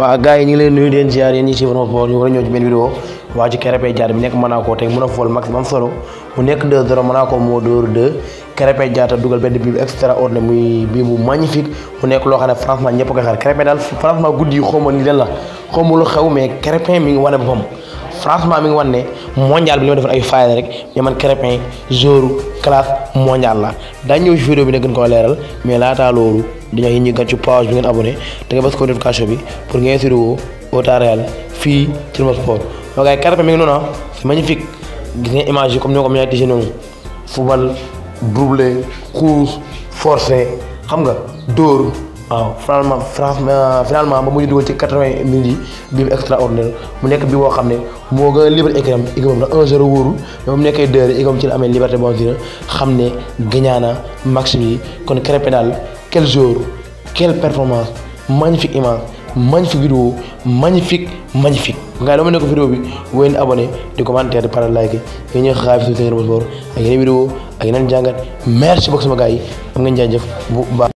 waaw gars yi ngi leen nuyu leen ziar yéen ñi ci vraiment sport ñu war a ñëw ci benn vidéo waa ci Krépin Diatta bi nekk Monaco tey mën a fool maximum solo mu nekk 2-0 Monaco moo dóor 2 Krépin Diatta dugal benn bii bu extraordinaire muy bii magnifique mu nekk loo xam ne franchement ñëpp a koy xaar Krépin daal franchement guddi yi xaw ma ni lan la xaw lu xew mais Krépin mi ngi wane boppam franchement mi ngi wan ne bi li ma defal ay faayda rek mais man Krépin joueur classe mondial la daañu ñëw si bi ne gën ko leeral mais laataa loolu dañoo yéen ñu gan ci bi ngeen abonné te nga bës ko notification bi pour ngeen si réewoo au fii ci Rmo Sport donc ay Krépin mi ngi noonu ah c'est magnifique gis ngeen image comme ñoo ko mënee tijji noonu football doublé course forcé xam nga dóor. waaw finalement France finalement ba mu ñu dugal ci quatre-vingt minutes yi extraordinaire mu nekk bi boo xam ne moo gën a liberté écram igomam na un zéro wóorul mais mu nekkee deux igom ci la amee liberté bon tir xam ne gañaana max bi kon Krépin daal quel jour quelle performance magnifique image magnifique vidéo magnifique magnifique nga dama nekk vidéo bi wéy abonné di commentaire di partager like yi ñu xaar